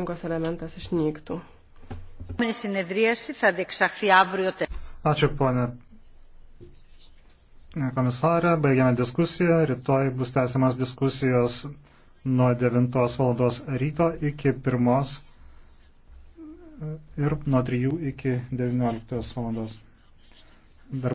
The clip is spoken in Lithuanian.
rinkos elementas išnyktų. Ačiū, ponė komisarė. Baigiame diskusiją. Rytoj bus tęsiamas diskusijos nuo 9 val. ryto iki 1 ir nuo 3 iki 19 val.